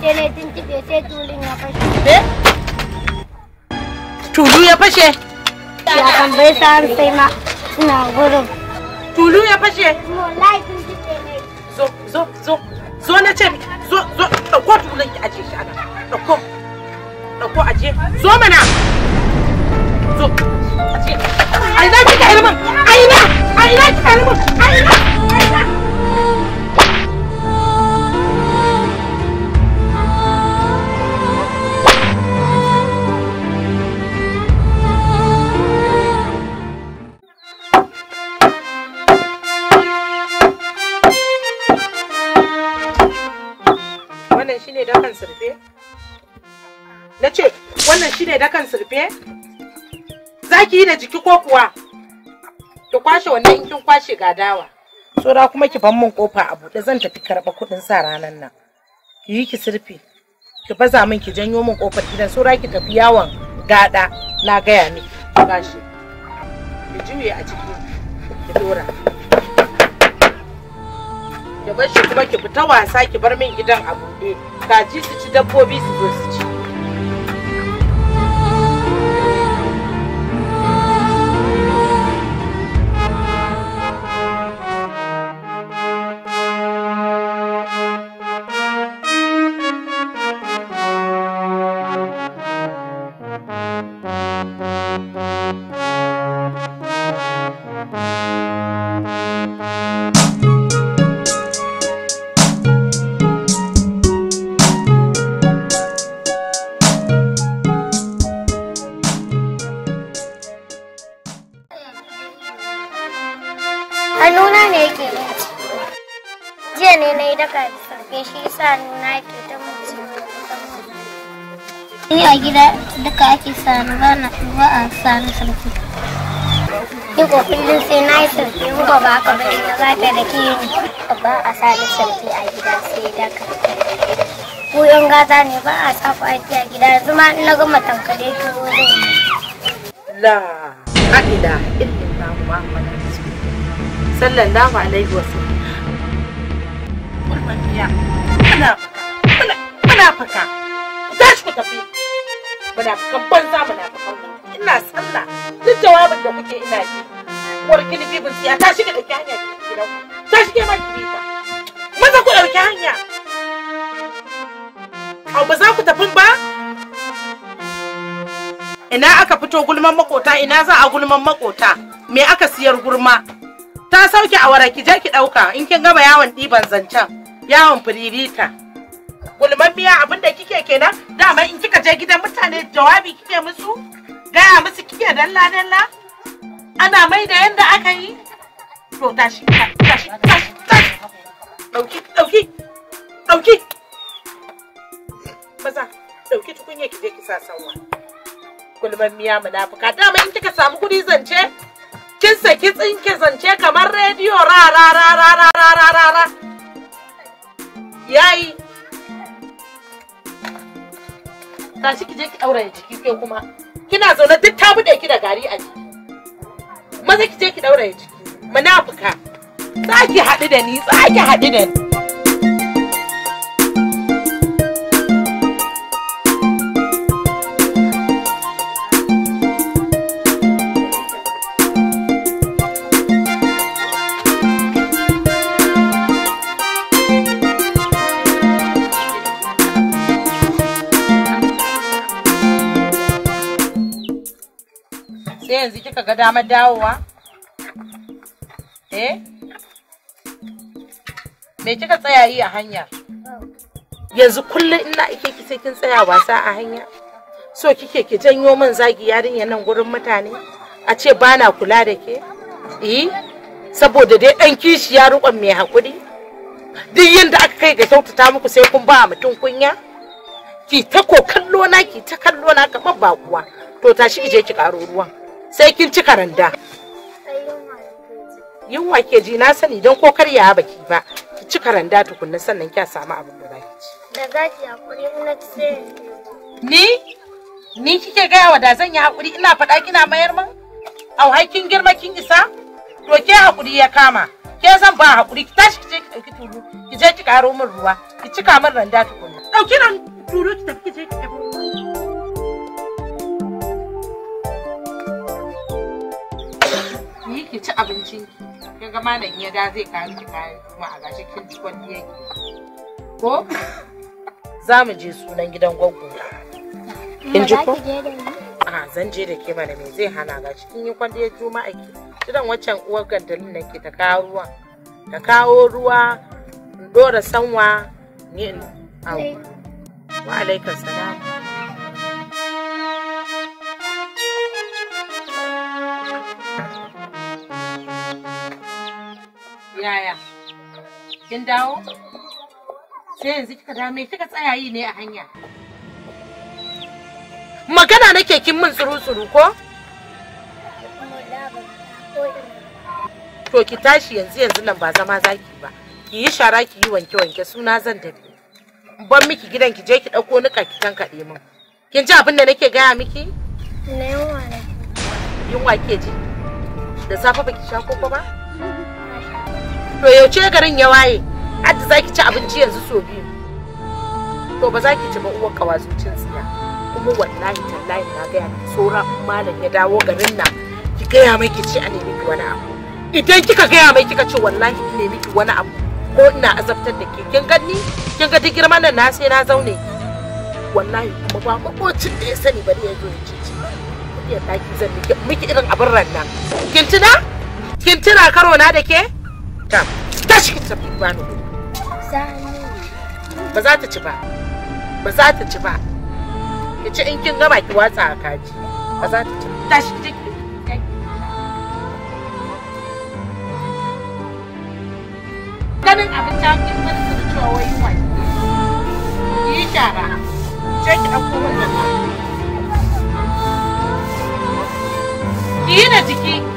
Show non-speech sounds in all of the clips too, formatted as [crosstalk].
tulu ya fashe. Tulu ya fashe? Ya sai ma Tulu ya fashe? Zo, zo, zo, zo na ce zo, zo, ɗauko tulun ki aje shi ana. Ɗauko, ɗauko aje. Zo mana. Zo, aje. Aina kika ilmin, aina, aina kika ilmin. dakan surfe za ki yi da jiki ko kuwa ki kwashe wannan in kin kwashe Gadawa. dawa tsora kuma ki ban min kofa a buɗe zan tafi karɓa kuɗin sa ranan nan ki yi ki surfe ki baza min ki janyo min kofar gidan tsora ki tafi yawon gada na gaya miki gashi ki juye a ciki ki dora ki bar shi kuma ki fita wasa ki bar min gidan a buɗe kaji su ci dabbobi su zo su ci zuwa gida duka ake sani ba a sani sarki yi kullum sai na yi sarki in ba ba ka bari na za da ke ba a sani sarki a gida sai daka ku yan ne ba a sa ake a gida yanzu ma na gama tankare turo zai la faka munafukan banza munafukan ina sallah duk jawabin da kuke ina ji uwar gilibi bin siya ta shiga da ke hanya gidan ta shige ma ki ta maza ku ɗauki hanya A ba za ku tafi ba ina aka fito gulman makota ina za a gulman makota me aka siyar gurma ta sauke a wara ki je ki ɗauka in kin gama yawon ɗiban zancen yawon firirita gulmammiya abin da kike kenan dama in kika je gidan mutane jawabi kike musu gaya musu kike dalla dalla ana mai da yanda aka yi to tashi tashi tashi tashi dauki dauki dauki maza dauki tukunya ki je ki sa sanwa gulmammiya munafuka dama in kika samu kuɗi zance kin saki tsinke zance kamar rediyo ra ra ra ra ra ra ra yayi tashi ki je ki daura jiki sai kuma kina zaune duk ta bude ki da gari a jiki maza ki je ki daura jiki munafuka za ki haɗu da ni za ki haɗu da ni yanzu kika ga damar dawowa? Eh? Me kika tsaya yi a hanya? Yanzu kullum ina ike ki sai kin tsaya wasa a hanya? So kike ki janyo man zagi yarinyar nan gurin mutane? A ce bana kula da ke? Eh? Saboda dai ɗan kishi ya rukon mai hakuri? Duk yadda aka kai ga kyautata muku sai kun ba mutum kunya? Ki ta ko na ki ta kallo na kamar ba kuwa. To tashi ki je ki ƙaro ruwan. sai kin ci karanda yunwa ke ji na sani don ko karya baki ba ki ci karanda tukunna sannan kya samu abin da zaki ci da zaki hakuri na ce ni ni kike gaya wa da zan yi hakuri ina faɗa kina mayar man au hai kin girma kin isa to ke hakuri ya kama ke zan ba hakuri ki tashi ki je ki ɗauki tulu ki je ki ƙaro min ruwa ki cika min randa tukunna ɗauki nan tulu ki tafi ki je ki ɗauki ki ci abincin ki kin ga malam ya da zai kawo ki kayan kuma a gashi kin ci kwalliya yake ko za mu je sunan gidan gwaggo kin ji ko a zan je da ke mana zai hana ga cikin yi yake juma'a ake kiran waccan uwar gandalin nan ki ta kawo ruwa ta kawo ruwa in dora sanwa ni in wa alaikum salam Yaya? Kin dawo? Sai yanzu kika da mai kika tsaya yi ne a hanya? Magana nake kin min tsuru-tsuru ko? To ki tashi yanzu yanzu nan ba zama zaki ba. Ki yi shara ki yi wanke-wanke suna zan tafi. Ban miki gidan ki je ki ɗauko nuka ki tankaɗe min. Kin ji abin da nake gaya miki? Na yunwa ne. Yunwa ke ji? Da safe baki sha koko ba? to yaushe garin ya waye adda za ki ci abinci yanzu so biyu to ba za ki ci ba uwar kawazucin tsiya kuma wallahi tallahi na gaya miki tsoron malam ya dawo garin nan ki gaya mai ki ci a nemi ki wani abu idan kika gaya mai kika ce wallahi ki nemi ki wani abu ko ina azabtar da ke kin gani kin ga duk girman nan na sai na zaune wallahi kuma ba makocin da ya sani bari ya zo ya ci ci ya taki zan miki irin abin ran nan kin tuna kin tuna karo na da ke ta tashi ki tafi ba ba za ta ci ba ki ci in kin gama ki watsa a kaji ba za ta ci tashi ki abin ta kin su wai yi shara ki yi na jiki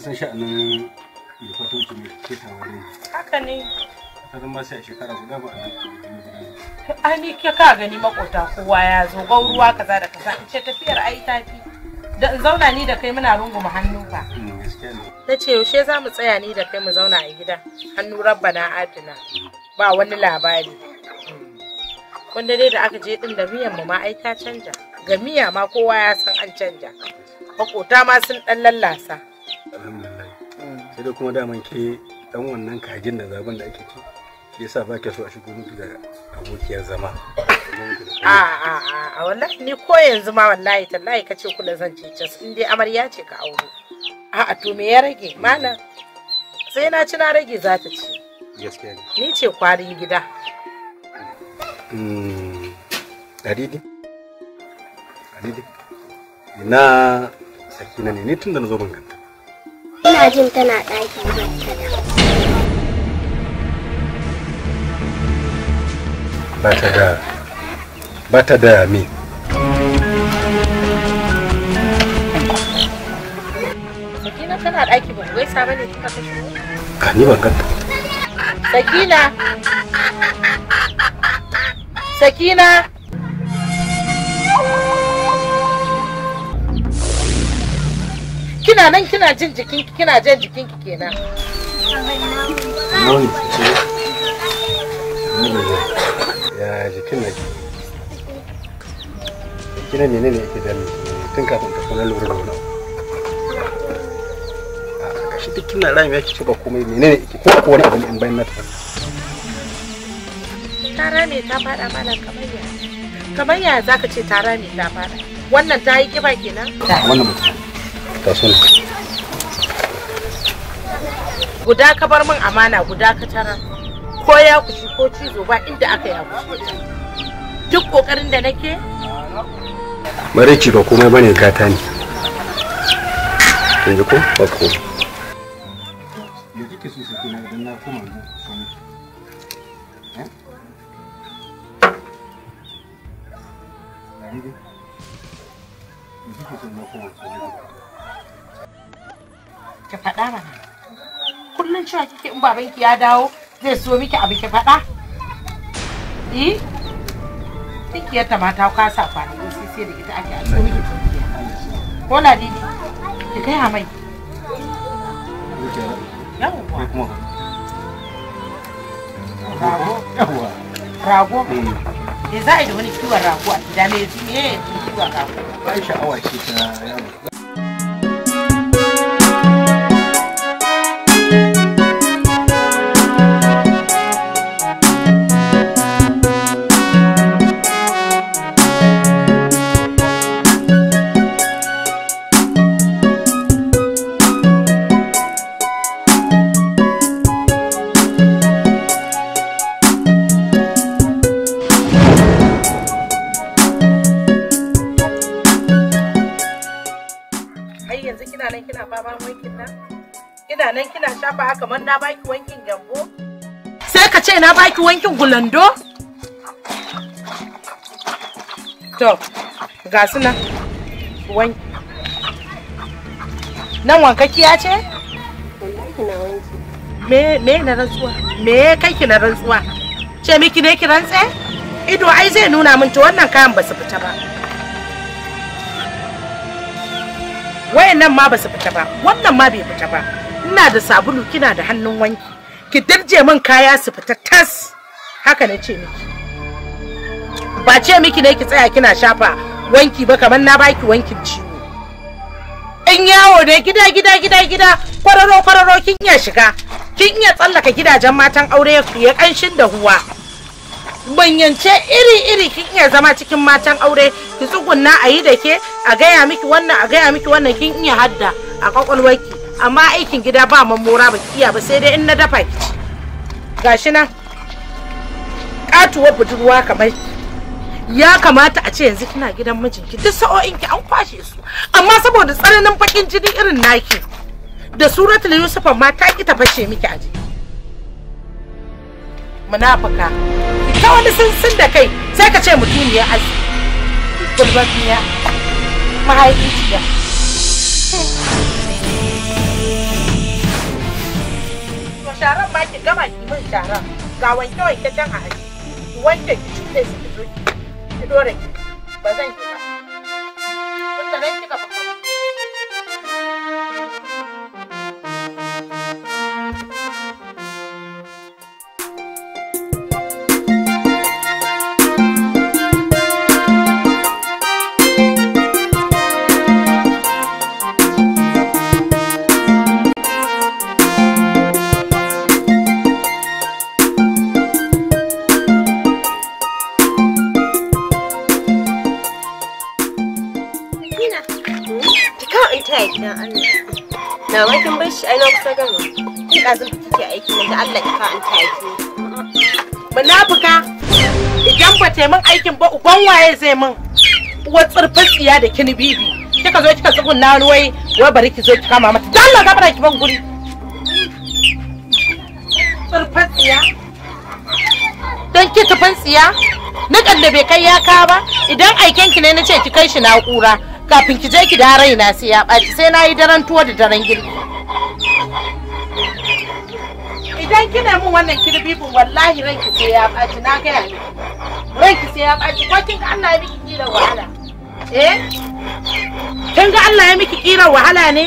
san sha'anin da fatoci mai ketawa ne haka ne ta zama sai a shekara guda ba a ai ni ke ka gani makota kowa ya zo gauruwa kaza da kaza in ce tafiyar ai tafi da in zauna ni da kai muna runguma hannu ka ta hmm, ce yaushe za mu tsaya ni da kai mu zauna a gida hannu rabba na adina ba wani labari wanda hmm. dai da aka je din da miyan mu ma ai ta canja ga miya ma kowa ya san an canja makota ma sun dan lallasa alhamdulillah mm. sai dai kuma daman ke dan wannan kajin da zaben da ake ci shi yasa ba ke so a shigo miki da abokiyar zama a a a wallahi ni ko yanzu ma wallahi tallahi kace kula zan cece su indai amarya ce ka aure a a to me ya rage malam sai na ci na rage za ta ci ni ce kwarin gida hmm. Daridi? Daridi? Ina sakina ne ni tun da na zo ban Ina jin tana ɗakin Murtala. Bata da bata da mi. Sakina tana ɗaki ba wai saba ne kika kashe Ka ni ban ganta. Sakina. Sakina. kina nan kina jin jikin kina jin jikin ki kenan ya jikin kina ne ne tun ka da duk kina ba ko ko wani abu in na ta tara ta fada mana kamar ya ya zaka ce tara ne ta fada wannan ta yi kiba kenan wannan mutum ta suna guda ka bar min amana guda ka tara ko ya kushi ko cizo ba inda aka ya kushi duk kokarin da nake mareki ba komai bane gata ne kin ji ko ba ko yaji ke so su kuma idan na koma ki faɗa mana kullum cewa kike in babanki ya dawo zai so miki abu ki faɗa eh tikiyar ta mata kasa kwanaki sai sai da ita ake so miki ko na didi ki kai rago rago mm. za a yi wani kiwon rago a gida me me kiwon rago ba sha'awa ta ce na baki wankin gulando? To, ga su nan. Wan... Nan wankakkiya ce? Me me na rantsuwa? Me kai ki na rantsuwa? Ce miki ne ki rantse? Ido ai zai nuna min to wannan kayan ba su fita ba. Wayannan ma ba su fita ba, wannan ma bai fita ba. Ina da sabulu kina da hannun wanki. ki dirje min kaya su fita tas haka na ce miki ba ce miki ne ki tsaya kina shafa wanki ba kamar na baki wankin ciwo in yawo ne gida gida gida gida kwararo kwararo kin ya shiga kin ya tsallaka gidajen matan aure ya kanshin da huwa banyance iri-iri kin iya zama cikin matan aure ki tsugunna a yi da ke a gaya miki wannan a gaya miki wannan kin iya hadda a kwakwalwarki amma aikin gida ba mamora ba iya ba sai dai in na dafa ki gashi nan katuwar budurwa kamar ya kamata a ce yanzu kina gidan mijinki duk sa'o'in ki an kwashe su amma saboda tsananin bakin jini irin naki da suratul yusufa ma ta ki tafashe miki aji munafuka ki ta wani sun da kai sai ka ce mutuniyar arziki gulbatiya mahaifiyar sharan ma ki gama ki min sharan ga wanke wanke can a aji ki wanke ki cuɗe su ki zo ki dore ki ba zan yi ba. Kun ki kika fi ta gama. Ina Munafuka idan ba ta min aikin ba uban waye zai min uwar tsirfin tsiya da kini bibi. Kika zo kika tsugun na ruwai wai bari ki zo ki kama mata. Dan Allah gabara ki ban guri. Tsirfin tsiya. Dan ki tufin tsiya. Nukan da bai kai ya ka ba idan aikin ki ne na ce ki kai shi na kura kafin ki je ki da raina sai ya ɓaci sai na yi daren tuwo da daren girki. idan kina min wannan kirbibin wallahi ranki sai ya ɓaci na gaya ne ranki sai ya ɓaci ko kin ga Allah ya miki kira wahala eh kin ga Allah ya miki kira wahala ne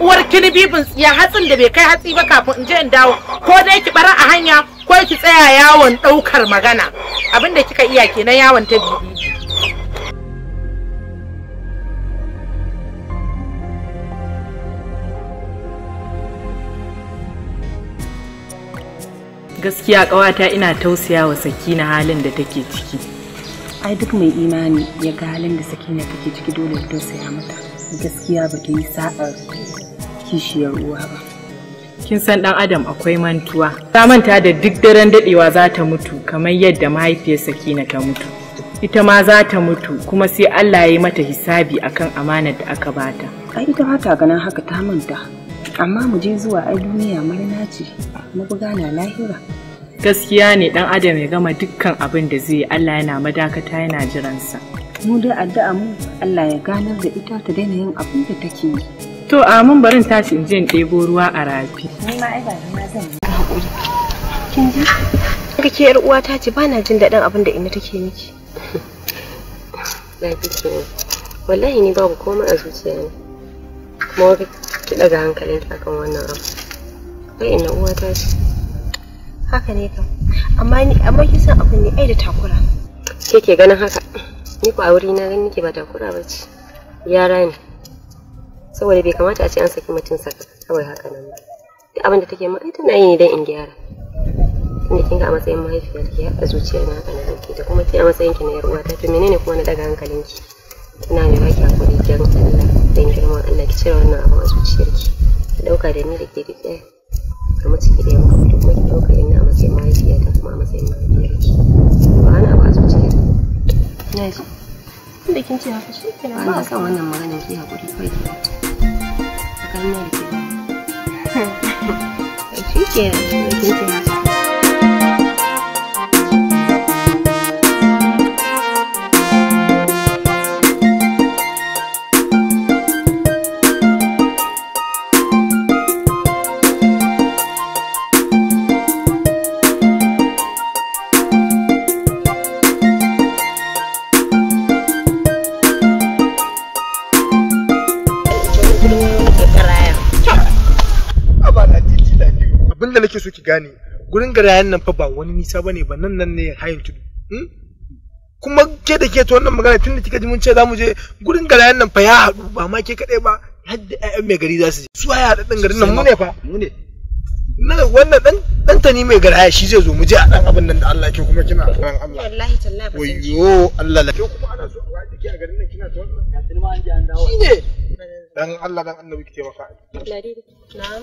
uwar kirbibin ya hatsin da bai kai hatsi ba kafin in je in dawo ko dai ki bara a hanya ko ki tsaya yawon ɗaukar magana abinda kika iya kenan yawon ta bibi gaskiya ƙawata ina tausaya wa sakina halin da take ciki ai duk mai imani ya ga halin da sakina take ciki dole ya tausaya mata gaskiya ba ta yi sa'ar kishiyar uwa ba kin san dan adam akwai mantuwa ta manta da duk daren dadewa za ta mutu kamar yadda mahaifiyar sakina ta mutu ita ma za ta mutu kuma sai Allah ya yi mata hisabi akan amanar da aka bata ai ita ganin haka ta manta amma mu je zuwa ai duniya marna ce mabuga gana lahira gaskiya ne dan adam ya gama dukkan abin da zai Allah yana madakata yana jiransa mu dai addu'a mu Allah ya ganar da ita ta daina yin abin da take yi to amin barin tashi in je in ɗebo ruwa a rafi ni ma ai ba na zan yi hakuri kin ji kake yar uwa ta ce ba na jin daɗin abin da ina take miki lafiya [laughs] wallahi ni babu komai a zuciya ne mori ki daga hankalinki akan wannan abu kai ina ta ce haka ne ka. amma ni amma kin san abin ne ai da takura ke ke ganin haka ni ko a wuri na ganin ke ba takura ba ce yara ne saboda bai kamata a ce an saki mutum saka kawai haka nan ba duk abin da take ma ai tana yi ne dan in gyara tunda kin ga a matsayin mahaifiyar ki a zuciya na haka na dauke ta, kuma ki a matsayin ki na yar uwata to menene kuma na daga ki? ina ne ba ki hakuri jan Allah dan girma Allah ki cire wannan abu a zuciyarki ki dauka da ni da ke da ɗaya ka mutu ki da yanku kuma ki dauka ina a matsayin mahaifiya da kuma a matsayin mahaifiyarki ba wani abu a zuciyarki na ji da kin ce haka shi ke nan ba a kan wannan maganin ki hakuri kai ki ba a kan ne da ke ba [laughs] shi kenan da kin ce haka nake so ki gane gurin garayen nan fa ba wani nisa bane ba nan nan ne hayin tudu hmm? kuma ke da ke to wannan magana tun da kika ji mun ce za mu je gurin garayen nan fa ya haɗu ba ma ke kaɗai ba hadda ƴaƴan mai gari za su je su haya haɗa ɗin garin nan mu ne fa mu ne na wannan dan dan tani mai garaya shi zai zo mu je a dan abin nan da Allah ke kuma kina ran Allah wallahi tallahi ba zai yo Allah la ke kuma ana so a jiki a garin nan kina to wannan ya tilma an je an dawo shi ne dan Allah dan annabi ki maka na'am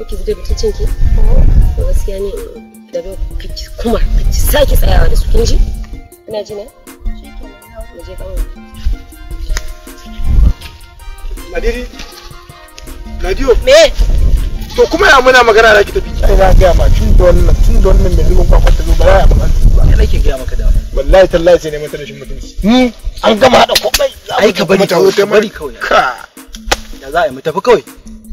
yake bude mutuncin ki ko gaskiya ne da ba kici kuma kici sake tsayawa da su kin ji ina ji ne mu je Nadiri to kuma ya muna magana da ki tafi na ga ma tun tun ba ya magana ba nake ga maka da wallahi tallahi sai ne ni an gama ai ka bari bari kawai ka da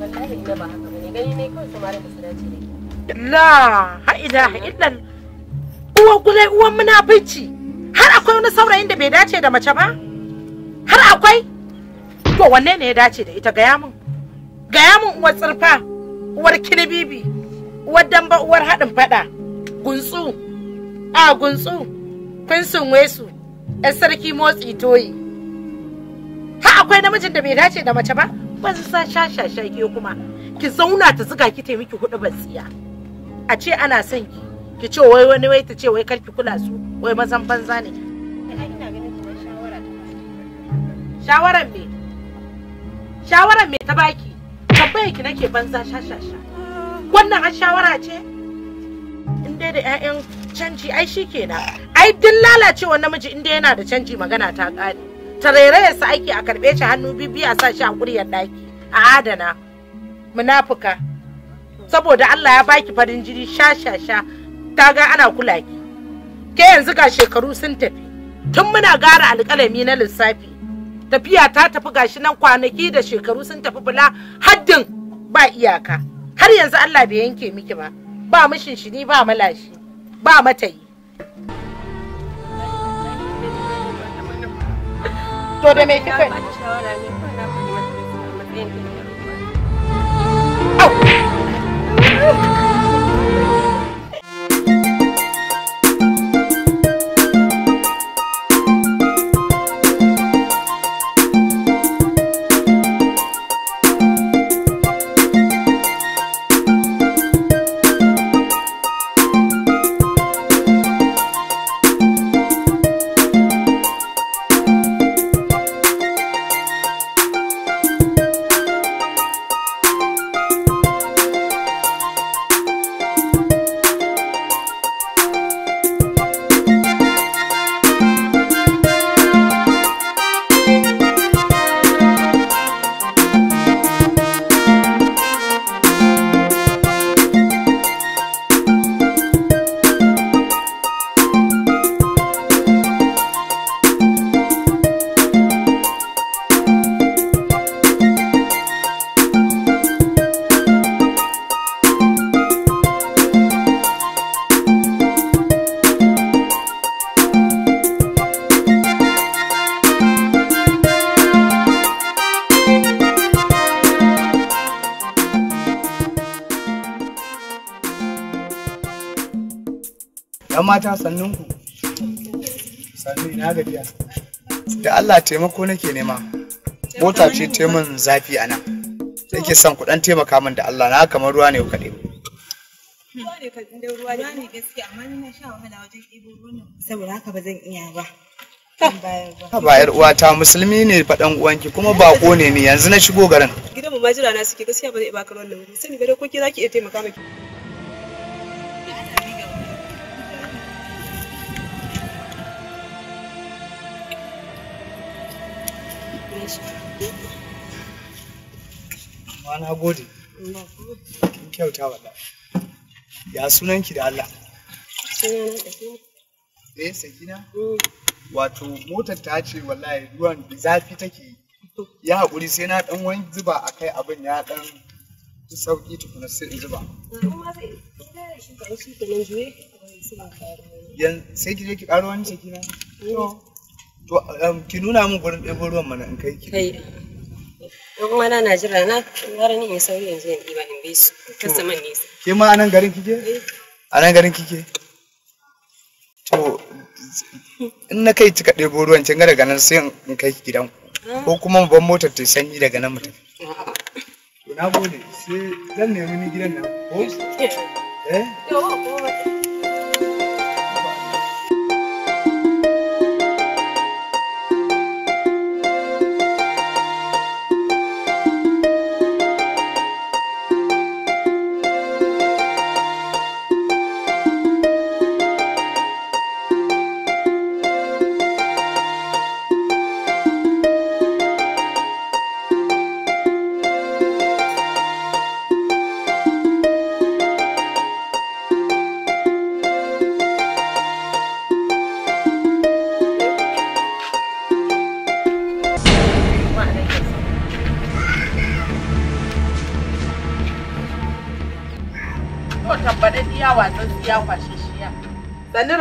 wallahi ina ba ha ilaha illan uwa gulai uwan munafici har akwai wani saurayin da bai dace da mace ba har akwai to wanne ne ya dace da ita gaya min gaya min uwar tsirfa uwar kilibibi uwar damba uwar haɗin faɗa guntsu a guntsu kunsun wesu yan sarki motsi toyi Har akwai namijin da bai dace da mace ba banza shashasha ke kuma ki zauna ta zuga ki ta miki hudu batsiya a ce ana son ki ki ce wai wani wai ta ce wai kar ki kula su wai mazan banza ne shawaran me shawaran me ta baki tabbai ki nake banza shashasha wannan har shawara ce in dai da 'ya'yan canji ai shi kenan ai duk lalacewa namiji in dai yana da canji magana ta ƙare tarere sa aiki a karɓe shi hannu bibi a sa shi a ƙuryar ɗaki a adana munafuka saboda Allah ya baki farin jini sha sha sha ta ga ana kula ki ke yanzu ga shekaru sun tafi tun muna gara alƙalami na lissafi tafiya ta tafi gashi nan kwanaki da shekaru sun tafi bula haddin ba iyaka har yanzu Allah bai yanke miki ba ba mishin shi ni ba malashi ba matayi to da me kika yi Oh! mata sannun ku sannu ina gajiya da Allah taimako nake nema mota ce ta min zafi a nan take son ku dan taimaka min da Allah na kamar ruwa ne ku kaɗe saboda haka ba zan iya ba yar uwata musulmi ne faɗan uwanki kuma bako ne ni yanzu na shigo garin gidan mu ma jira na suke gaskiya ba zai baka wannan nan sani ga dokoki zaki iya taimaka miki ma na gode kin kyauta wala ya sunan ki da Allah eh sakina mm. wato motar ta ce wallahi ruwan zafi take ya haƙuri sai na ɗan wani zuba a kai abin ya ɗan sauƙi tukuna sai zuba sai ki je ki ƙaro wani sakina eh. to To um, ki nuna min gurin ɗebo ruwan mana in kai ki. Kai. Yan uwana na jira na har ni in sauri yanzu in diba in bi su kasaman nesa. Ke ma a nan garin kike? Eh. A nan garin kike? To in na kai cika ɗebo ruwan can ga daga nan sai in kai ki gidan ah. ko kuma mu ban motar ta sanyi daga nan mu ah. To na gode sai zan nemi ni gidan nan [laughs] eh. Eh? ko? Eh?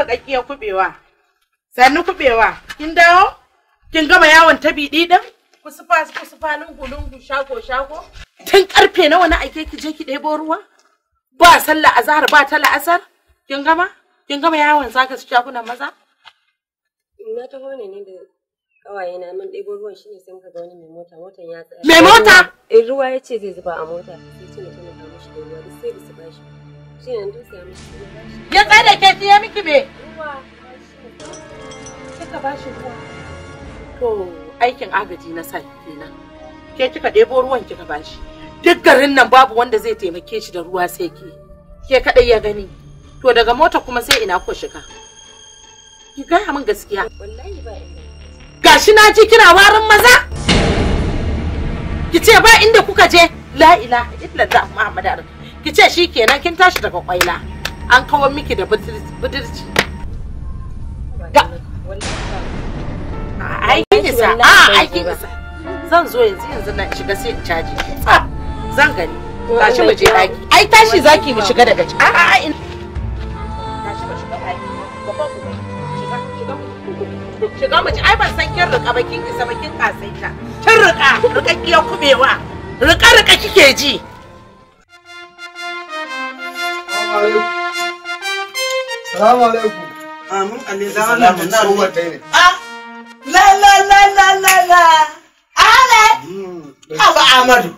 rikakkiyar kubewa. Sannu kubewa, kin dawo? Kin gama yawon tabi ɗiɗin? Kusufa kusufa lungu lungu shago shago? Tun karfe nawa na ake ki je ki ɗebo ruwa? Ba sallah azhar ba ta la'asar? Kin gama? Kin gama yawon zaga su shagunan maza? Na taho ne ne da kawaye na mun ɗebo ruwan shine sai muka ga wani mai mota motan ya tsaya. Mai mota? In eh, ruwa ya ce zai zuba a mota sai ce mutum ya kawo shi da ruwa sai su ba shi. Ya tsada ke siya miki me? Kika ba shi ruwa. To aikin agaji na sai kenan. Ke kika ruwan kika ba shi. Duk garin nan babu wanda zai taimake shi da ruwa sai ke. Ke kaɗai ya gani. To daga mota kuma sai ina ko shiga. Ki gaya min gaskiya. Wallahi ba Gashi na ji kina warin maza. Ki ce ba inda kuka je. La ilaha illallah Muhammadu ki ce shi kenan kin tashi daga kwaila an kawo miki da budurci aikin isa a isa zan zo yanzu yanzu na shiga sai in caji zan gani tashi mu je daki ai tashi zaki mu shiga daga ciki a'a in tashi mu shiga daki shiga mu ai ban san kin rika ba kin isa ba kin kasaita kin rika rikakkiyar kubewa rika rika kike ji Salamu alaikum. Amin alaikum. Salamu alaikum. Ah, la la la la la la. Ale. Hmm, Aba Amadu.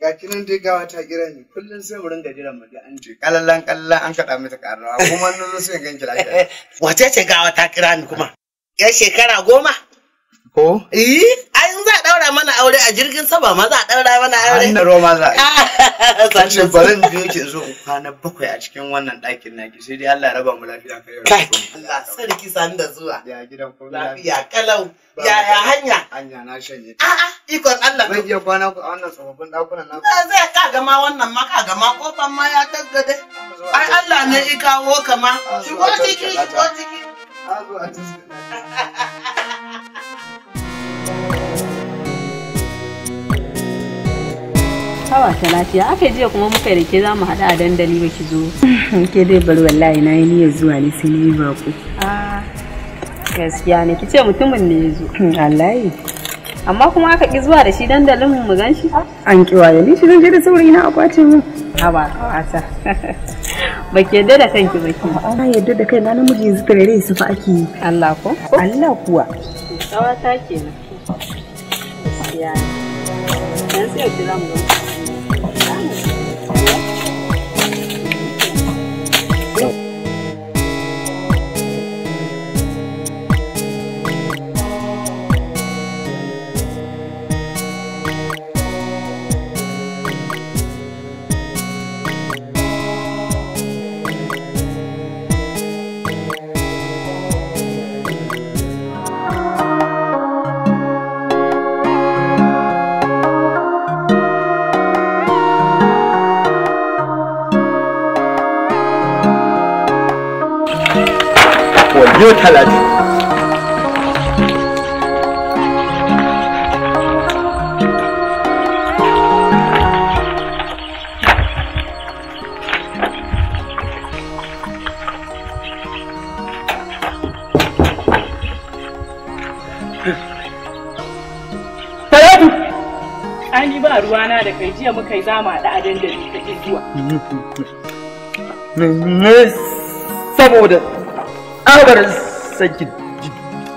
Ga kinan dai gawa ta kira ni kullum sai wurin ga jiran maji an ce kallan kallan an kaɗa mata karuwa kuma nan sai ganki lafiya. [laughs] Wace ce gawa ta kira ni kuma? ya shekara goma? Ko? Eh, ai za a daura mana aure a jirgin sama ma za a daura mana aure. An ro ma za a. [laughs] Kace bari in biyo ki zo kwana bakwai a cikin wannan ɗakin naki sai dai Allah raba mu lafiya kai. Kai. Allah sarki san da zuwa. Ya gidan ko lafiya kalau. Ya ya hanya. Hanya na shanye. A'a ikon Allah. Zan iya kwana ku a wannan tsofaffin ɗakunan na. Zai ka gama wannan ma ka gama kofan ma ya taggade. Ai Allah ne i kawo kama. Shigo ciki shigo ciki. A zo a tiskana. hawa ta lafiya aka jiya kuma muka da ke za mu haɗu a dandali ba ki zo. Ke dai bar wallahi na yi niyya zuwa ne sai ni ba ku. Gaskiya ne ki ce mutumin ne ya zo. Wallahi. Amma kuma aka ki zuwa da shi dandalin mu gan shi. An ki waye ni shi zan je da sauri na akwatin mu. Haba kawata. Ba [laughs] ke da kanki ba ki. Na yadda da kai na namiji yanzu tarere su fa ake yi. Allah ko? Allah kuwa. Kawata kenan. Gaskiya ne. Yes, yes, yes, yes. talatin Ani ba ruwana da kai jiya muka yi zama da adan da ta ke zuwa. saboda abar san ki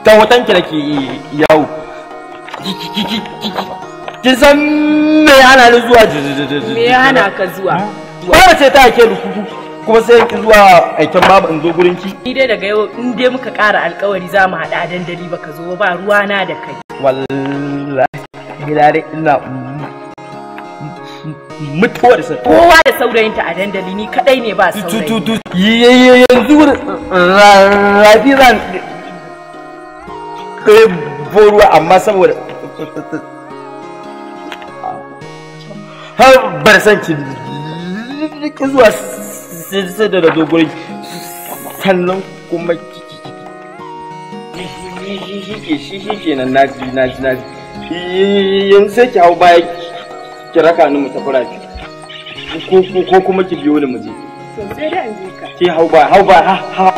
ta watan ki nake yawo kin san me ana ni zuwa me ana ka zuwa ba ce ta ake rukuku kuma sai ki zuwa aikin babu in zo gurin ki ni dai daga yau in dai muka ƙara alƙawari za mu haɗa dandali baka zo ba ruwa na da kai wallahi gida dai ina Mutuwarsa. kowa da saurayinta a dandali ni kadai ne ba saurayi yanzu rafi zan ɗebo ruwa amma saboda har bar san ki ki zuwa sai da dogon sannan kuma shi shi shi shi yanzu sai ki hau baya ki raka ni mu ko ko kuma ki biyo ni mu je da je ka ki hau ba hau ba ha ha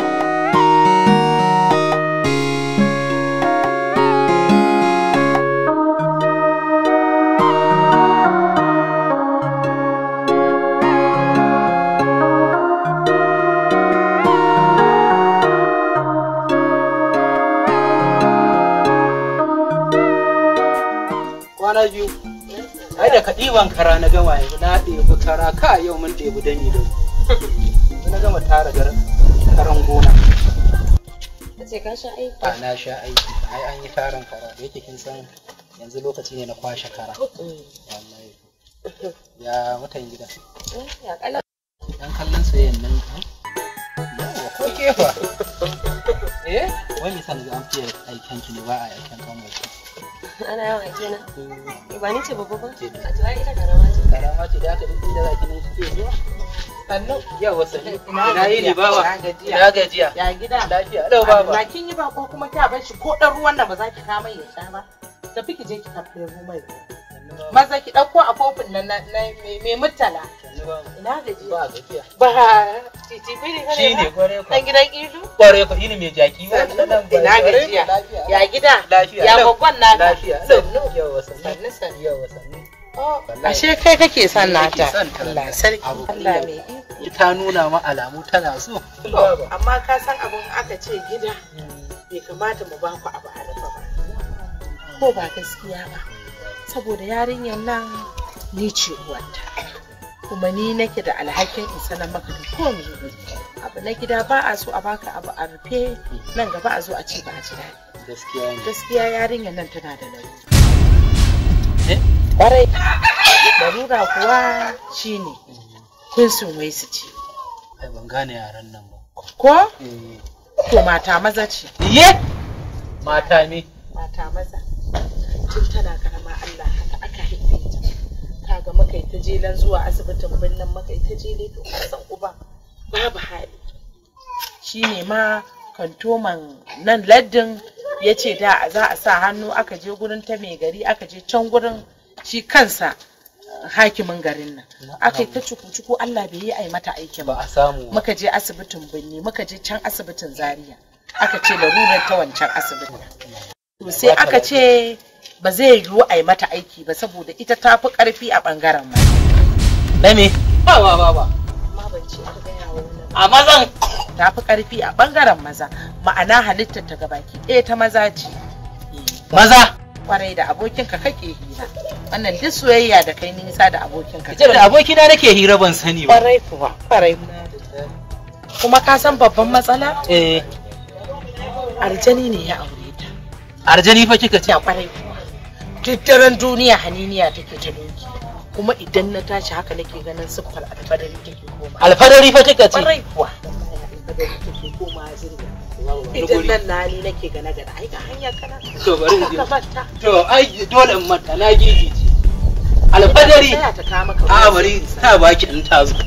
ai da kaɗiban kara na gama yanzu na ɗebi kara ka yau mun ɗebi dani da [laughs] na gama tara karan gona ce ka sha aiki a na sha aiki ai an yi tarin kara da yake kin san yanzu lokaci ne na kwashe kara ya mutan gida ya kallon dan kallon soyayyen nan ko kefa [laughs] eh wani san da an fiye aikin ki ne ba a aikin kan wasu [laughs] ana yawan aike na mm. eh, ba ni ce babba ba a tuwa ita karama ce karama ce da aka duk inda zaki ne kike zuwa sannu yau wasanni ina yi ne bawa ina gajiya ya gida lafiya lau baba na kin yi ba ko kuma kya bar shi ko ɗan ruwan nan ba za ki kama ya sha ba tafi ki je ki kafa mai ruwa maza ki ɗauko a kofin nan mai mutala ina da ji ba gajiya ba titi biri ne shine shi ko ɗan gidan ilu kware ko shi mai jaki ba ina da ji ya gida ya babban na lafiya sannu sannu sannu oh. ashe kai kake son nata Allah sarki Allah mai iko ta nuna ma alamu tana so amma ka san abun aka ce gida bai kamata mu ba ku abu a ba ko ba gaskiya ba saboda yarinyar nan ni ce uwanta kuma ni nake da alhakin in sanar maka da kowane abu na gida ba a so a baka abu a rufe nan gaba a zo a ce ba a ji daɗi gaskiya yarinyar nan tana da nauyi eh ƙwarai darura kuwa shine kun sun wai su ce ai ban gane yaran nan ba ko eh. to mata maza ce ye mata ne mata maza tun tana karama Allah haka aka haife ta kaga makai ta nan zuwa asibitin birnin makai ta ne to san uba? babu hali shine ma kantoman nan laddin ya ce da za a sa hannu aka je gurin ta mai gari aka je can gurin shi kansa hakimin garin nan aka yi ta cuku-cuku Allah bai yi ai mata aikin ba muka je asibitin birni muka je can asibitin zaria aka ce larurar ta wancan asibitin to sai aka ce ba zai yiwu a yi mata aiki ba saboda ita ta fi ƙarfi a ɓangaren mu. Na me? Ba ba ba ba. A mazan. Ta fi ƙarfi a ɓangaren maza ma'ana halittar ta ga baki ɗaya ta maza ce. Maza. Kwarai da abokinka kake hira. Wannan duk soyayya da kai nisa da abokinka. Ita da abokina nake hira ban sani ba. Kwarai kuwa. Kwarai Kuma ka san babban matsala? Eh. Arjani ne ya aure ta. Arjani fa kika ce? Kwarai. tattaren duniya haniniya take ta doki kuma idan na tashi haka nake ganin siffar alfadari take koma alfadari fa take ce alfadari take koma zirga idan nan na ni nake gane gane ai ga hanya kana to bari in to ai dole in mata na gigice alfadari a bari ta baki in ta zo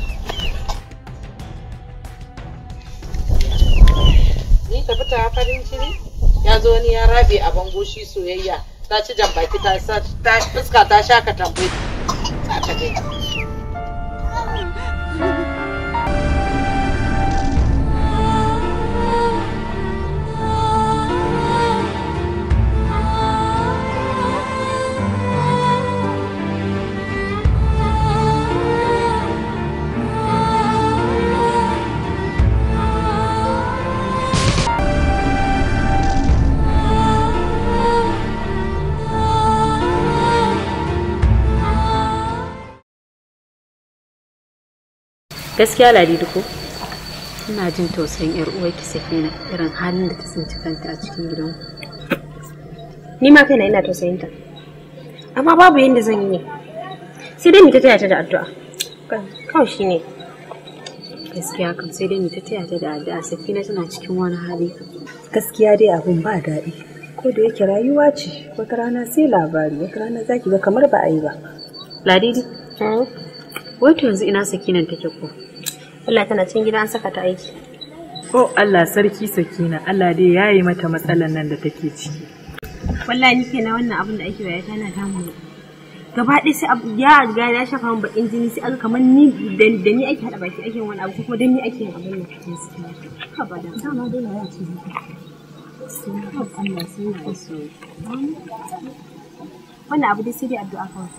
ni ka fita farin ciki ya zo ni ya rabe a bango shi soyayya ta ci jan baki ta fuska ta sha ka tambayi ta ta gaskiya ladiduko ina jin tausayin yar uwarki safina irin halin da ta tsinci kanta a cikin gidan ni ma kaina ina tausayin ta amma babu yadda zan yi sai dai mu ta taya ta da addu'a kawai shine gaskiya kan sai dai mu ta taya ta da addu'a safina tana cikin wani hali gaskiya dai abun ba daɗi ko da yake rayuwa ce wata rana sai labari wata rana zaki ga kamar ba a yi ba ladidi hmm? wai to yanzu ina sakinan take ko Allah tana cin gida an saka ta aiki oh Allah sarki sakina Allah dai ya yi mata matsalan nan da take ciki wallahi ni kenan wannan abin da ake waya tana damu gaba ɗaya sai abu ya riga ya shafa min bakin jini sai aka kamar ni da ni ake haɗa baki ake wani abu kuma dan ni ake yin abin da kake ciki ka ba da dama dai ya ce Allah sai ya so wannan abu dai sai dai addu'a kawai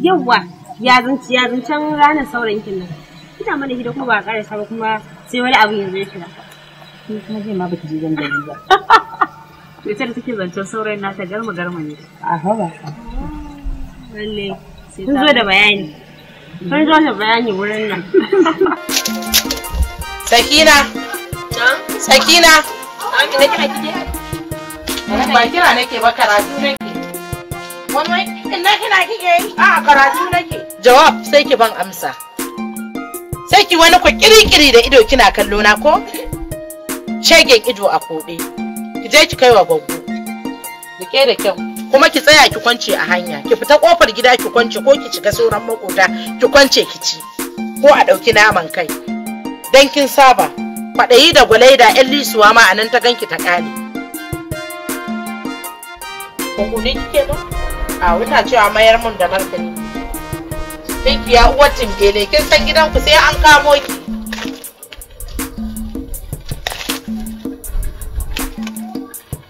yawwa ya ya sauran Kina mana gida kuma ba a karasa ba kuma sai wani abu yanzu ya kira ni kuma zai ma baki ba [laughs] ita da zancen sauran nata garma garma ne a haba lalle sun zo da bayani sun zo da bayani wurin nan sakina sakina Sakina. ba nake ba karatu nake ina kina kike yi a karatu nake jawab sai ki ban amsa sai ki wani ku kirikiri da ido kina kallo na ko shegen ido a koɗe ki je ki kai wa gwaggo rike da kyau kuma ki tsaya ki kwance a hanya ki fita kofar gida ki kwance ko ki shiga sauran makota ki kwance ki ci ko a ɗauki naman kai dan kin saba faɗayi da gwalaida 'yan lisuwa ma a nan ta ganki ta ƙare Mahulin kenan? A wuna cewa mayar mun da martani. Tinkiya uwar tinkele, kin san gidanku sai an kamo ki.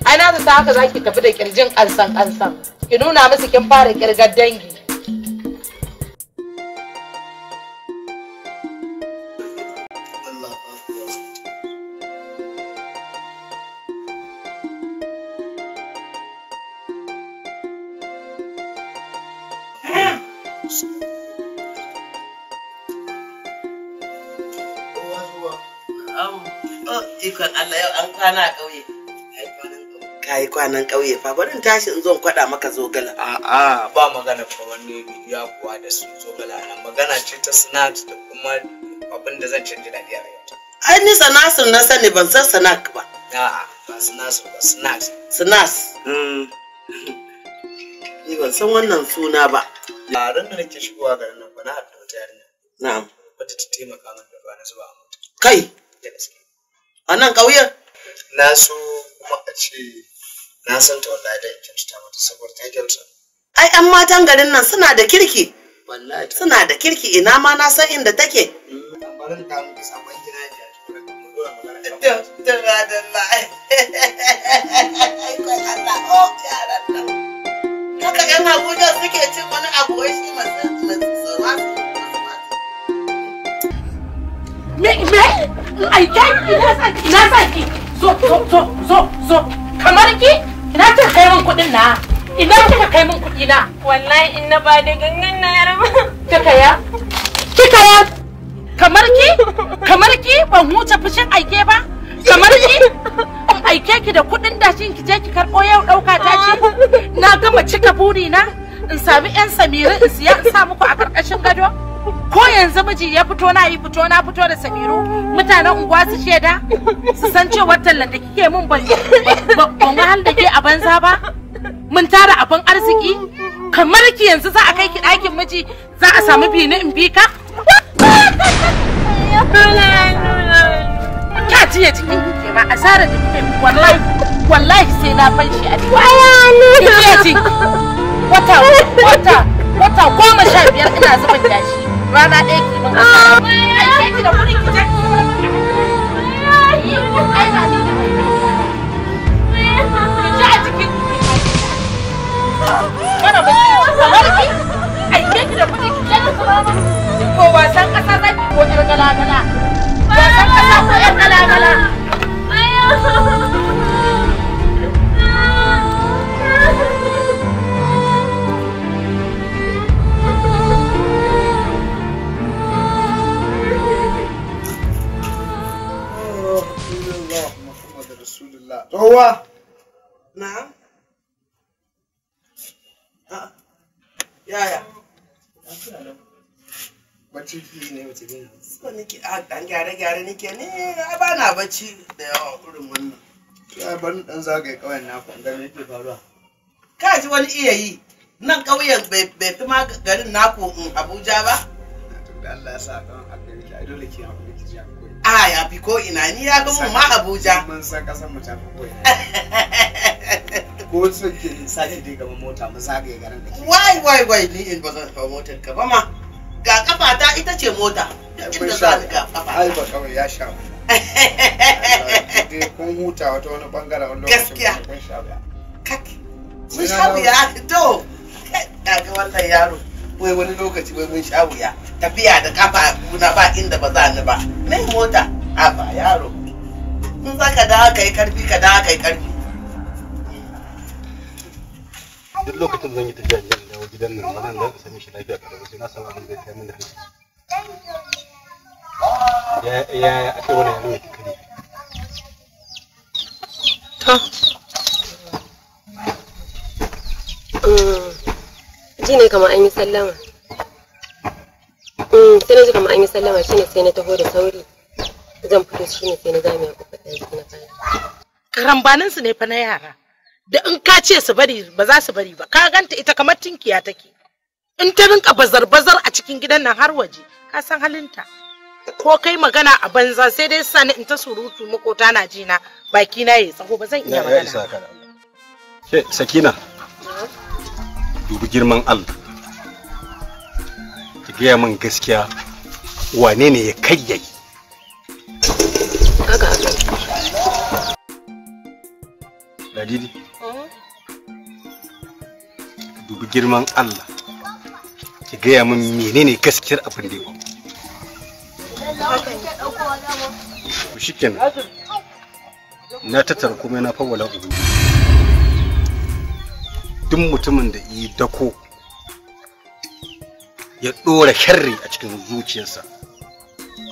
Ai na zata haka zaki tafi da kirjin kansan kansan. Ki nuna musu kin fara kirgar dangi. kwana a ƙauye kwanan ƙauye fa barin tashi in zo in kwaɗa maka zogala a'a ba magana fa wani ya kuwa da su zogala na magana ce ta snacks da kuma abin da zan canji da biyar. rayuwa ai ni sanasun na sani ban san snack ba a'a ba sanasun ba snacks snacks hmm. ni ban san wannan suna ba yaren da nake shigowa garin nan ba na haɗu wata yarinya na'am wata ta taimaka min da ba na zuwa. kai da gaske a nan ƙauyen na so kuma a ce na san ta wallahi da kyautata mata saboda ta kyautata ai an matan garin nan suna da kirki suna da kirki ina ma na san inda take bari ta muka sabon gida ya Dalla dalla. Ai kai Allah oh, Abuja suke cin wani abu shi Me me? zo zo zo zo zo kamar ki ina ta kai min kuɗin na ina kika kai min kuɗi na wallahi in na ba da gangan na yarma kika ya kika ya kamar ki kamar ki ban huce fushin aike ba kamar ki aike ki da kuɗin shin ki je ki karɓo yau ɗauka ta ce na gama cika buri na. in sami 'yan samiri in siya in sa muku a ƙarƙashin gado ko yanzu miji ya fito na yi fito na fito da samiru mutanen unguwa su shaida su san cewa tallan da kike min ban hal da ke a banza ba mun tara abin arziki kamar ki yanzu za a kai ki ɗakin miji za a samu bi in bika. ka jiya cikin kike ma asarar da kike wallahi wallahi sai na fanshi a cikin wata wata wata goma sha biyar ina zuba gashi 妈妈，对不起。哎呀！哎呀！dan gyare-gyare nake ne ba na bacci da yawa irin wannan ya dan zagaye na yake faruwa ka ji wani iya yi nan kauyen bai fi ma garin naku mm, abuja ba Allah ya sa kan ki ai dole ki hakuri ki ji a ya fi ko ina ni ya ga mun ma abuja mun san kasan mu ta fi ko [laughs] ko dai mota mu zagaye garin da ke wai wai wai ni in ba zan motar ka ba ma ga kafa ta ita ce mota inda za ni ga kafa ai ba kawai ya sha [laughs] dai kun huta wata wani bangaren wani lokacin sha gaskiya mun sha ya to kaga wannan yaro wai wani lokaci wai mun sha wuya tafiya da kafa na ba inda ba za ni ba nai mota a ba yaro in za ka dawo ka yi karfi ka d'a ka yi karfi duk lokacin zan yi tafiya in dawo gidan nan wannan zan sami shi lafiya kada sai na samu abin zai ya kai min da hankali ya ya ake wani yalo ya kare to mm. ji ne kamar an yi sallama mm, sai na ji kamar an yi sallama shine sai na taho da sauri zan fito shine sai na zame a kofar ɗaki na fara karambaninsu ne fa na yara da in ka ce su bari ba za su bari ba ka ganta ita kamar tinkiya take in ta rinka bazar-bazar a cikin gidan nan har waje ka san halinta ko kai magana a banza sai dai sani in ta surutu makota na ji na baki na yayi tsaho ba zan iya magana sakina dubi girman Allah ki gaya min gaskiya wane ne ya kayyai Ladidi. dubi girman Allah ki gaya min menene gaskiyar abin da ku shikenan na tattara kuma na fawwala ubu duk mutumin da yi dako ya dora sharri a cikin zuciyarsa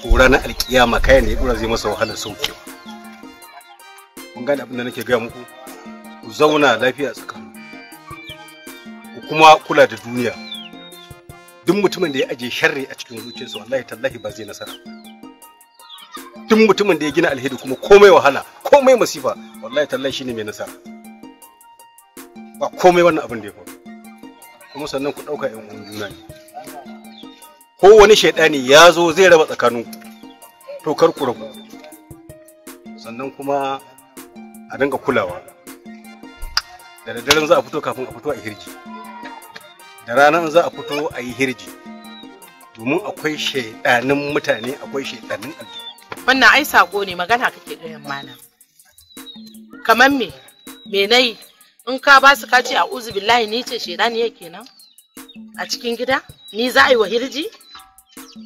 ko ranar alkiyama kayan ne ya dora zai masa wahala saukewa kun gane abin da nake gaya muku ku zauna lafiya tsakanin kuma kula da duniya duk mutumin da ya aje sharri a cikin zuciyarsa wallahi tallahi ba zai nasara duk mutumin da ya gina alheri kuma komai wahala komai masifa wallahi tallahi shine mai nasara ba komai wannan abin da ya faru kuma sannan ku ɗauka yan uwan juna ne wani shaidani ya zo zai raba tsakanin to kar ku rabu sannan kuma a dinga kulawa da daddaren za a fito kafin a fito a hirji. da rana za a fito a yi hirji domin akwai shaidanin mutane akwai shaidanin aljihu wannan ai sako ne magana kake gayan mana kamar me me nayi in ka ba su kace a uzu billahi ni ce shaidani yake nan a cikin gida ni za a yi wa hirji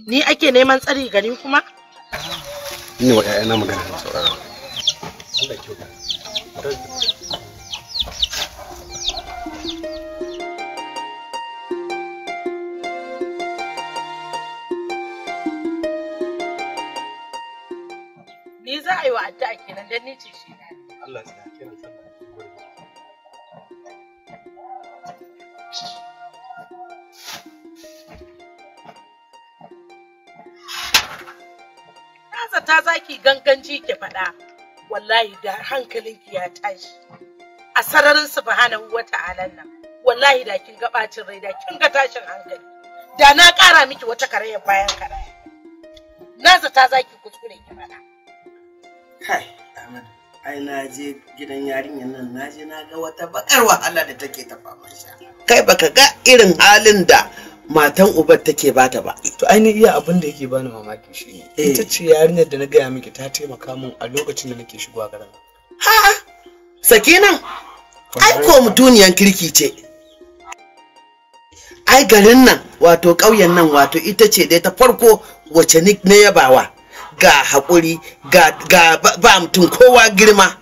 ni ake neman tsari gani kuma ni wa ƴaƴana magana saurara Allah kyauta sallah sai kiran sallah ta zaki ganganci ki faɗa wallahi da hankalinki ya tashi a sararin subhanahu wa ta'alan nan wallahi da kin ga bacin rai da kin ga tashin hankali da na ƙara miki wata karayar bayan karaya na zata zaki kuskure ki faɗa kai amana ai na je gidan yarinyar nan na je na ga wata bakar wahala da take ta fama sha kai baka ga irin halin da matan ubar take bata ba to ainihin iya abin da yake bani mamaki shi ne eh. ita ce yarinyar da na gaya miki ta taimaka min a lokacin da nake shigowa garin ha sakinan ai ko mutuniyan kirki ce ai garin nan wato ƙauyen nan wato ita ce dai ta farko wace na yabawa ga haƙuri ga ba mutum kowa girma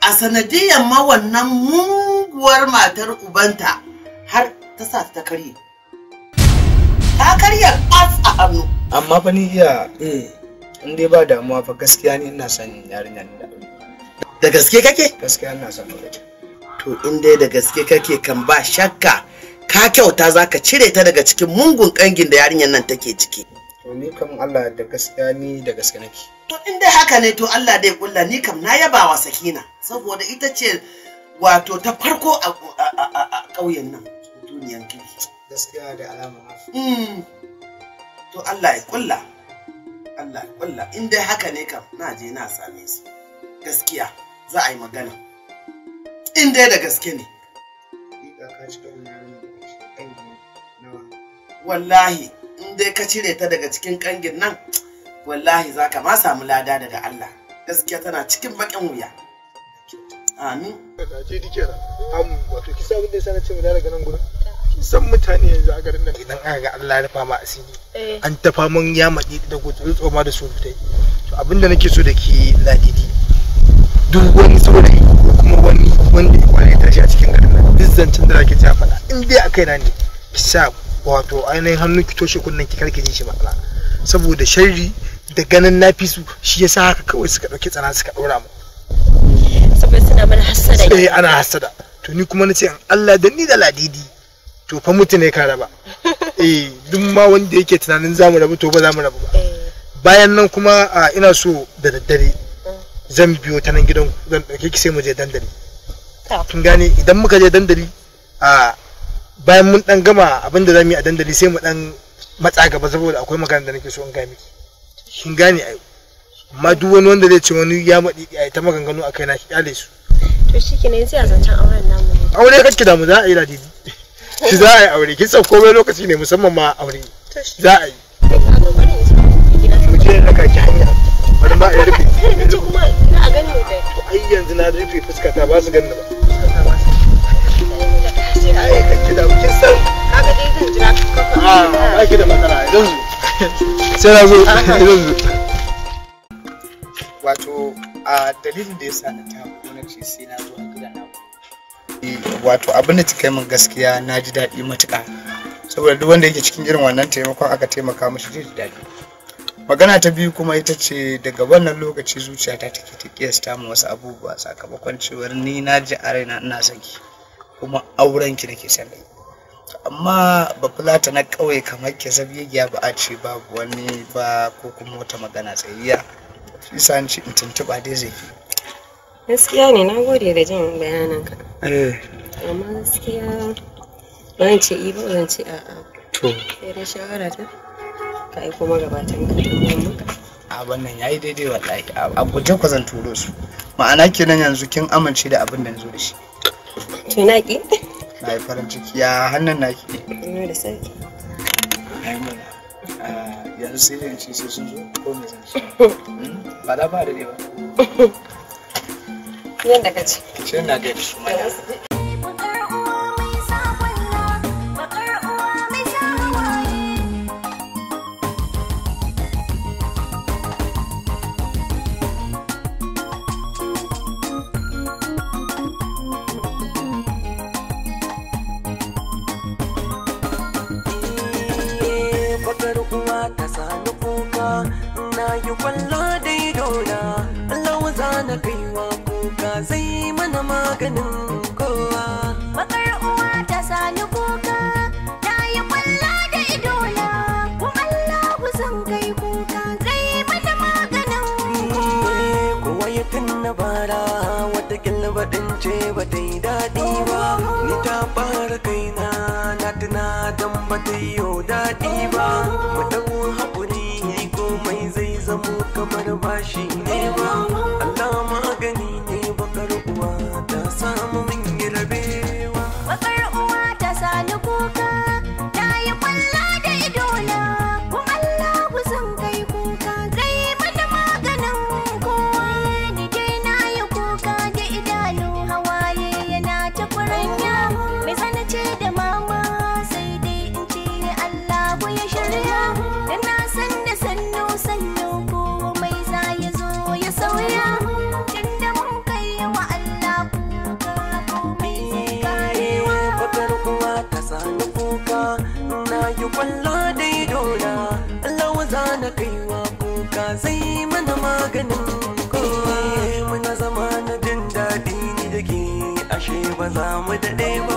a sanadiyar ma wannan munguwar matar ubanta har ta sa ta karye ta karya ƙas a hannu amma fa ni iya eh. in dai ba damuwa fa gaskiya ni ina son yarinyar da da gaske kake gaskiya ina son to in dai da gaske kake kan ba shakka ka kyauta za ka cire ta daga cikin mungun kangin da yarinyar nan take ciki to ni kam Allah da gaskiya ni da gaske nake to in dai haka ne to Allah dai kulla ni kam na yaba wa sakina saboda ita ce wato ta farko a ƙauyen nan duniyan kirki gaskiya da alama hmm. to Allah ya kulla Allah ya kulla in dai haka ne kam na je na same su gaskiya za a yi magana in dai da gaske ne wallahi in dai ka cire ta daga cikin kangin nan wallahi za ka ma samu lada daga Allah gaskiya tana cikin bakin wuya amin da san a garin nan idan aka ga Allah ya eh. an ta da gutsun tsoma da surutai to abinda nake so da ladidi duk wani saurayi ko kuma wani wanda ya tashi a cikin garin nan duk zancen da zake a faɗa in dai a na ne ki sa wato ainihin hannun ki toshe kunnen ki karki ji shi matsala saboda sharri da ganin fi su shi yasa haka kawai suka dauke tsana suka daura mu saboda suna mana hasada eh ana hasada to ni kuma nace an Allah da ni da ladidi to fa mutu ne ka raba [laughs] eh duk ma wanda yake tunanin mu rabu to ba mu rabu ba eh. bayan nan kuma ina so da daddare mm. zan biyo ta nan gidan zan dauke ki sai mu je dandali kin gane idan muka je dandali a bayan mun dan gama abin da zamu yi a dandali sai mu dan matsa gaba saboda akwai magana da nake so in gane. miki kin gane ai amma duk wani wanda zai ce wani ya madi a ta maganganu a kai na ki kyale su to shike ne sai a zancen auren namu aure kake da mu za a yi ladidi ki za a yi aure kin san komai lokaci ne musamman ma aure za a yi mu je daga ki hanya wani ma a rufe yanzu [laughs] kuma na a gani da ai yanzu na rufe fuskata ba su ganni ba fuskata ba su ai da ah, [laughs] wato a dalilin da sa na ta na ce sai na zo gidan na e, wato abin da kai min gaskiya na ji daɗi matuƙa saboda duk wanda yake cikin irin wannan taimakon aka taimaka mashi zai ji daɗi magana ta biyu kuma ita ce daga wannan lokaci zuciyata take ta kiyasta mu wasu abubuwa sakamakon cewar ni na ji a raina ina saki kuma auren ki nake son amma ba fulata na kawai kamar ke zabiya ba a ce babu wani ba ko kuma wata magana tsayiya shi sa in tuntuɓa dai zai gaskiya ne na gode da jin bayananka eh. amma gaskiya ban ce yi ba ban ce a'a to sai da shawara ta ka aiko magabatan ka a wannan yayi daidai wallahi a guje ku zan turo su ma'ana kenan yanzu kin amince da abin da na zo da shi to naki na yi farin ciki ya hannun naki ne da sarki yanzu sai da yanci sai sun zo ko me zan ci [laughs] hmm? ba da ba da ne ba yadda ka ci ce na gaji I'm with the ba